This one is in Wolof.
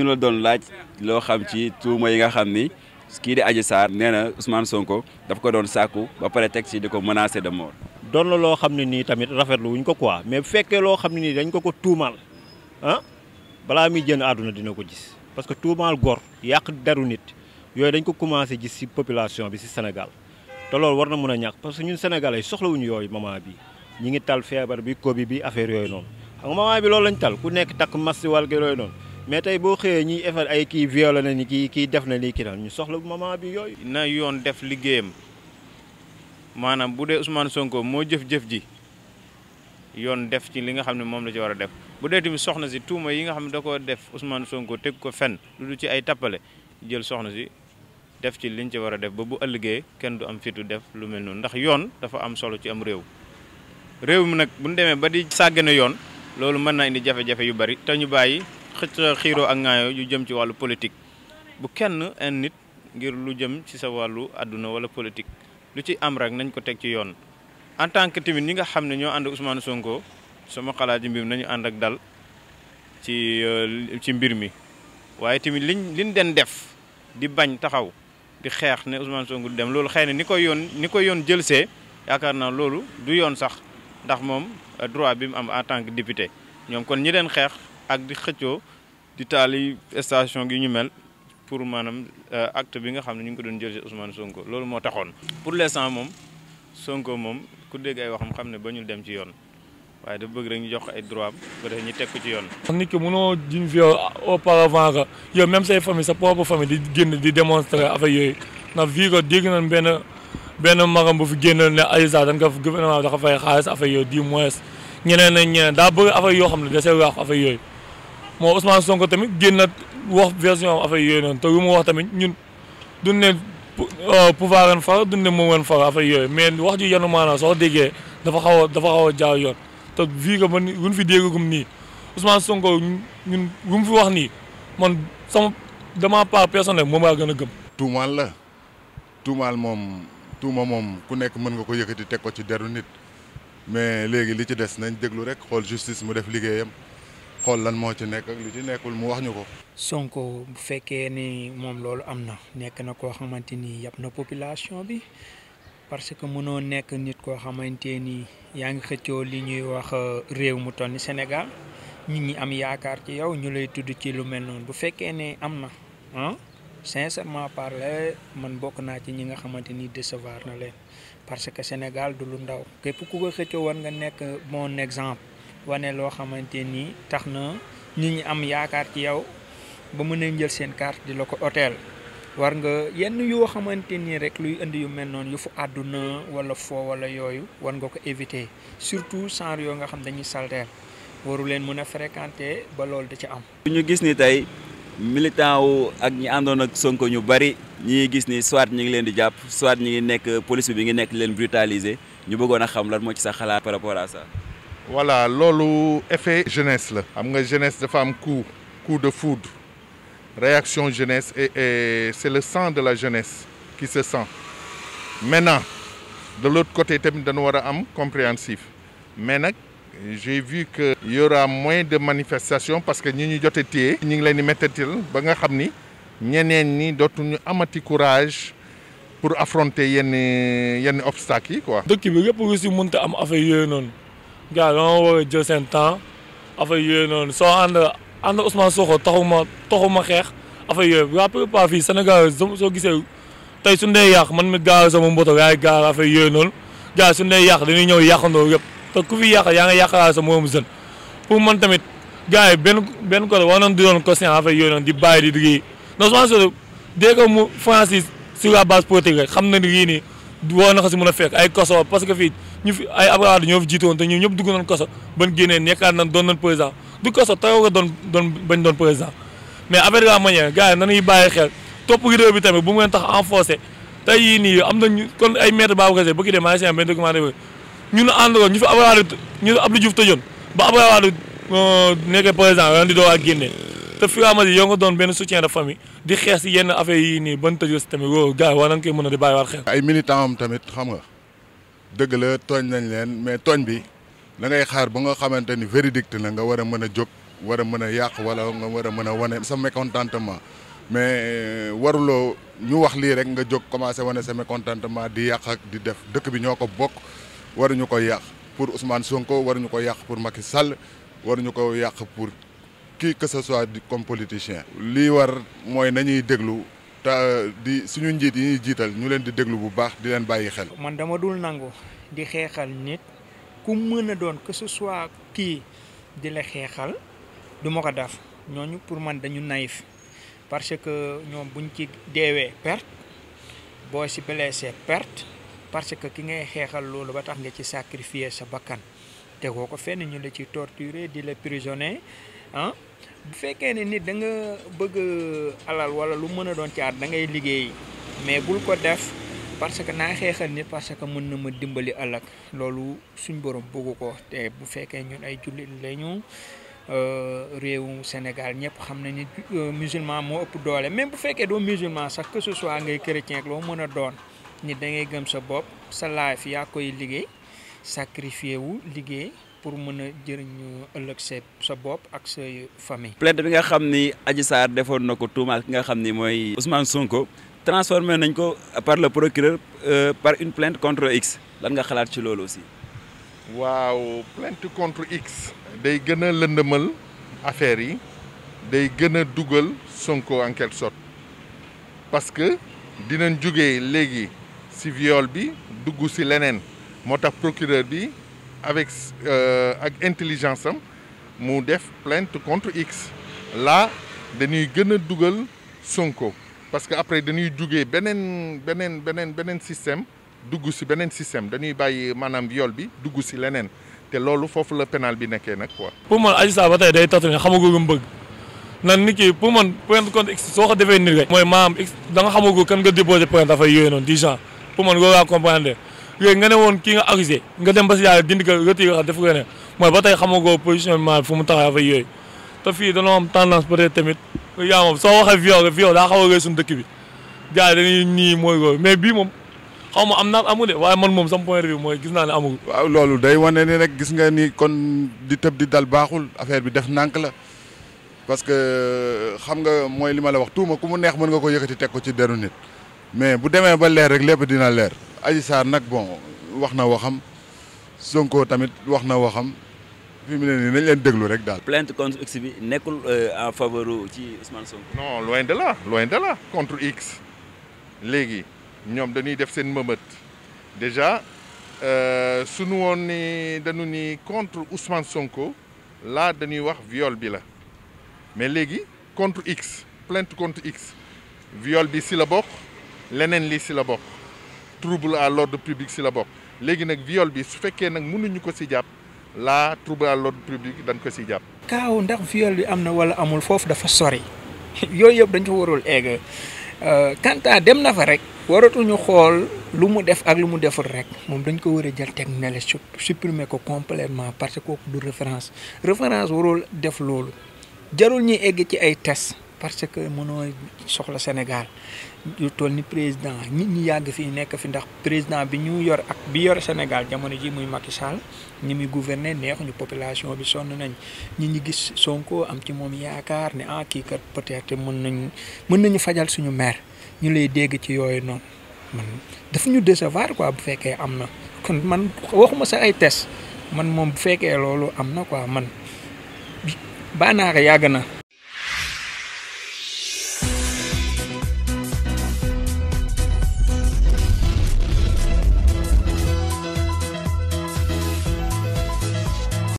ñu la doon laaj loo xam ci tuuma yi nga xam ni kii di Adji Sarr nee na Ousmane ko daf ko doon sàkku ba pare teg ci di ko menacer de mort. doon la loo xam ne nii tamit rafetlu wuñ ko quoi mais bu fekkee loo xam ne nii dañ ko ko tuumaal ah balaa muy jënd àdduna dina ko gis parce que tuumaal gor yàq deru nit yooyu dañ ko commencé gis ci population bi ci Sénégal te loolu war na mën a ñàkk parce que ñun soxla soxlawuñu yooyu moment bi ñi ngi tal feebar bi Covid bi affaire yooyu noonu xam nga bi loolu mais tey boo xëyee ñuy defal ay kii violé na ni kii kii def na lii ki daal ñu soxla moment bi yooyu. na yoon def liggéeyam maanaam bu dee Ousmane Sonko moo jëf-jëf ji yoon def ci li nga xam ne moom la ci war a def bu dee tamit soxna si tuuma yi nga xam ne da koo def Ousmane Sonko teg ko fen lu du ci ay tappale jël soxna si def ci liñ ci war a def ba bu ëllëgee kenn du am fitu def lu mel noonu ndax yoon dafa am solo ci am réew réew mi nag bu ñu demee ba di sàggane yoon loolu mën na indi jafe yu bari te bàyyi. xëcc xiiroo ak ŋaayoo yu jëm ci wàllu politique bu kenn en nit ngir lu jëm ci sa wàllu àdduna wala politique lu ci am rek nañ ko teg ci yoon en tant que tamit ñi nga xam ne ñoo ànd Ousmane Sonko sama xalaat ji mbir nañu ànd ak dal ci euh, ci mbir mi waaye tamit liñ liñ den def di bañ taxaw di xeex ne Ousmane Sonko du dem loolu xëy na ni koy yoon ni koy yoon jël see yaakaar naa loolu du yoon sax ndax moom euh, droit bi mu am en tant que député ñoom kon ñi den xeex ak di xëccoo di taali station gi ñu mel pour maanaam euh, acte bi nga xam ne ñu ngi ko doon jël ci Ousmane Sonko loolu moo taxoon. pour l'instant moom Sonko moom ku dégg ay waxam xam ne ba ñu dem ci yoon waaye dafa bëgg rek ñu jox ko ay droit ba def ñu teg ci yoon. a nit ki mënoo jiñ fi yow auparavant que say famille sa propre famille di génn di démontrer affaire yooyu ndax fii ko dégg nañ benn benn magam génn ne Aïssa dañ ko gouvernement dafa xaalis affaire yooyu du moins moo Ousmane Sonko tamit génn na wax version affaire yooyu noonu te lu mu wax tamit ñun duñ ne euh, pouvoir ren far duñ ne moom ren far affaire yooyu mais wax ji yanu maanaam soo déggee dafa xaw a dafa xaw a jaar yoon te fii que man luñ fi déggagum nii Ousmane Sonko ñun lu mu fi wax nii man sama dama part personnel moom laa gën a gëm. tuumaal la tuumaal moom tuuma moom ku nekk mën nga ko yëkkati teg ko ci deru nit mais léegi li ci des nañ déglu rek xool justice mu def liggéeyam. xool lan moo ci nekk ak lu ci nekkul mu wax ñu ko. Sonko bu fekkee ni moom loolu am na nekk na koo xamante ni yàpp na population bi parce que mënoo nekk nit koo xamante ni yaa ngi xëccoo li ñuy wax euh, réew mu toll ni Sénégal nit ñi am yaakaar ci yow ñu lay tudd ci lu mel noonu bu fekkee ne am na ah sincèrement parler man bokk naa ci ñi nga xamante ni décevoir na leen parce que Sénégal du lu ndaw képp ku ko xëccoo war nga nekk bon exemple. wane loo xamante nii tax na ñi ñi am yaakaar ci yow ba mën a jël seen carte di la ko hôtel war nga yenn yoo xamante nii rek luy indi yu mel noonu yu fu àdduna wala foo wala yooyu war nga ko éviter surtout genre yoo nga xam dañuy salteel waru leen mën a fréquenter ba loolu da ci am. ñu gis ni tey militant wu ak ñu àndoon ak Sonko ñu bari ñi gis ni soit ñi ngi leen di jàpp soit ñi ngi nekk police bi ngi nekk leen brutaliser ñu bëggoon a xam lan moo ci sa xalaat par rapport à voilà loolu effet jeunesse la am nga jeunesse dafa am coup coup de foudre réaction jeunesse et et c'est le sang de la jeunesse qui se sent maintenant de l'autre côté tamit dañu war a am compréhensif mais nag j'ai vu que y moins de manifestations parce que ñi ñu jote téye ñi ngi leen di méttatil ba nga xam ni ñeneen ñi dootuñu amati courage pour affronter yenn yenn obstacles yi quoi dëkk bi yëpp nga si mënta am affaire yooyu noonu gars dama woowee jël seen temps affaire yooyu noonu soo ànd ànd Ousmane Sonko taxu ma taxu ma xeex affaire yooyu waa pas fii Sénégal soo gisee tey su ñu man mi gaaw sama mboto yaay gaaw affaire yooyu noonu gars su ñu dee yàq dañuy ñëw yàqandoo yëpp te ku yàq yaa nga yàqalaa sa moom jeune pour man tamit gars ben benn benn côté war nañ di doon conscient affaire yooyu noonu di bàyyi di liggéey non Ousmane Sonko dès que mu Francis sur la rek xam na ni yii war na ko a fek ay kosoor parce que fii ñu fi ay Abdoulaye Wade ñoo fi jiite te ñoom ñëpp dugg nañ kaso ban génnee nekkaat nañ doon nañ président du kaso taxaw nga doon doon bañ doon président mais avec la manière gars yi nañuy bàyyi xel topp réew bi tamit bu mu leen tax enforcé tey yii nii am nañu kon ay maître baabu ba ki ñu ne ànd ñu fi Abdoulaye Wade ñu Abdou Diouf tëjoon ba Abdoulaye Wade euh, nekkee président ren di doo ak génnee te fiaama yi yow nga doon benn soutien de famille di xeex yenn affaire yii nii ban tëjoo si ay militant am tamit xam nga dëgg la tooñ nañ leen mais tooñ bi da ngay xaar ba nga xamante ni verdict na nga war a mën a jóg war a mën a yàq wala nga war a mën a wane sa mécontentement mais euh, waruloo ñu wax lii rek nga jóg commencé wane sa mécontentement di yàq ak di def dëkk bi ñoo ko bokk waruñu ko yàq pour Ousmane Sonko waruñu ko yàq pour Macky Sall waruñu ko yàq pour qui que ce soit comme politicien. lii war mooy nañuy déglu. te euh, di suñu njiit yi ñuy jiital ñu leen di déglu bu baax di leen bàyyi xel. man dama dul nangu di xeexal nit ku mën a doon que ce soit kii di la xeexal duma ko def ñooñu pour man dañu naïf parce que ñoom buñ ci deewee perte boo si blessé perte parce que ki ngay xeexal loolu ba tax nga ci sacrifier sa bakkan te koo ko fenn ñu la ci torturer di la prisonnier. ah bu fekkee ne nit danga bëgg alal wala lu mën a doon caat da ngay liggéey mais bul ko def parce que naa xeexal nit parce que mën na ma dimbali ëllëg loolu suñ borom bëggu ko te bu fekkee ñun ay jullit lañu euh, réewu Sénégal ñëpp xam na ni euh, musulman moo ëpp doole même bu fekkee doo musulman sax que ce soit ngay chrétien ak loo mën a doon nit dangay ngay gëm sa bopp sa laaf yaa koy liggéey sacrifié wu liggéey. pour mën a jëriñu ëllëg sa bopp ak say famille. plainte bi nga xam ni aji Sarr defoon na ko tuumaal ki nga xam ni mooy Ousmane Sonko transformé nañ ko par le procureur euh, par une plainte contre X lan nga xalaat ci loolu aussi. waaw plainte contre X. day gën a lëndëmal affaire yi day gën a dugal Sonko en quelque parce que dinañ jógee léegi ci viol bi dugg ci leneen moo tax procureur bi. avec euh, ak intelligence am mu def plainte contre X là dañuy gën a dugal Sonko parce que après dañuy jugee beneen beneen beneen beneen système dugg si beneen système dañuy bàyyi maanaam viol bi dugg si leneen te loolu foofu la pénal bi nekkee nag quoi. pour man Adji Sarr ba tey day tatoné xamagoo mu bëgg nan nit pour man plainte contre X soo ko defee nii rek. mooy maam X da nga xamagoo kan nga déposé plainte dafay yooyu noonu dix pour man loolu laa comprendre. léegi nga ne woon kii nga accusé nga dem ba si yàlla dindi ko retiré ko def ko ne mooy ba tey xamagoo positionnement fu mu taxaw fa fii dañoo am tendance peut être tamit yaa soo waxee viol viol daa xaw a rëy suñu dëkk bi gars nii mooy mais bii moom xaw ma am naam amu de man moom sama mooy gis naa ne loolu day wane ni rek gis nga ni kon di tëb di dal baaxul affaire bi def nànk la parce que euh, xam nga mooy li ma la wax tuuma ku mu neex mën nga ko yëkkati teg ko ci deru nit mais bu demee ba leer rek lépp dina leer. Adji Sarr nag bon wax na waxam Sonko tamit wax na waxam fi mu ne nii leen déglu rek daal. plainte contre X bi nekkul euh, en faveur ci Ousmane Sonko. non loin de là loin de là contre X léegi ñoom dañuy def seen mëbët déjà euh, sunu woon ni dañu ni contre Ousmane Sonko laa dañuy wax viol bi la mais léegi contre X plainte contre X viol bi si la bokk leneen li si la bokk. trouble à l'ordre public si la bokk léegi nag viol bi su fekkee nag mënuñu ko si jàpp laa trouble à l'ordre public dañ ko si jàpp. kaaw ndax viol bi am na wala amul foofu dafa sori yooyu yëpp dañ ko warul egg euh, Kanta dem na fa rek waratuñu xool lu mu def ak lu mu deful rek moom dañ ko war a jël teg ne la supprimer ko complètement parce que kooku du référence référence warul def loolu jarul ñuy egg ci ay test. parce que mënoo soxla Sénégal lu toll ni président nit ñi yàgg fii nekk fi ndax président bi ñu yor ak bi yor Sénégal jamono ji muy Macky ñi muy gouverner neexuñu population bi sonn nañ ñi ñi gis Sonko am ci moom yaakaar ne ah kii kat peut mën nañu mën nañu fajal suñu maire ñu lay dégg ci yooyu noonu man dafa ñu décevoir ko bu fekkee am na kon man waxuma sa ay test man moom bu fekkee loolu am na quoi man banaar yàgg na.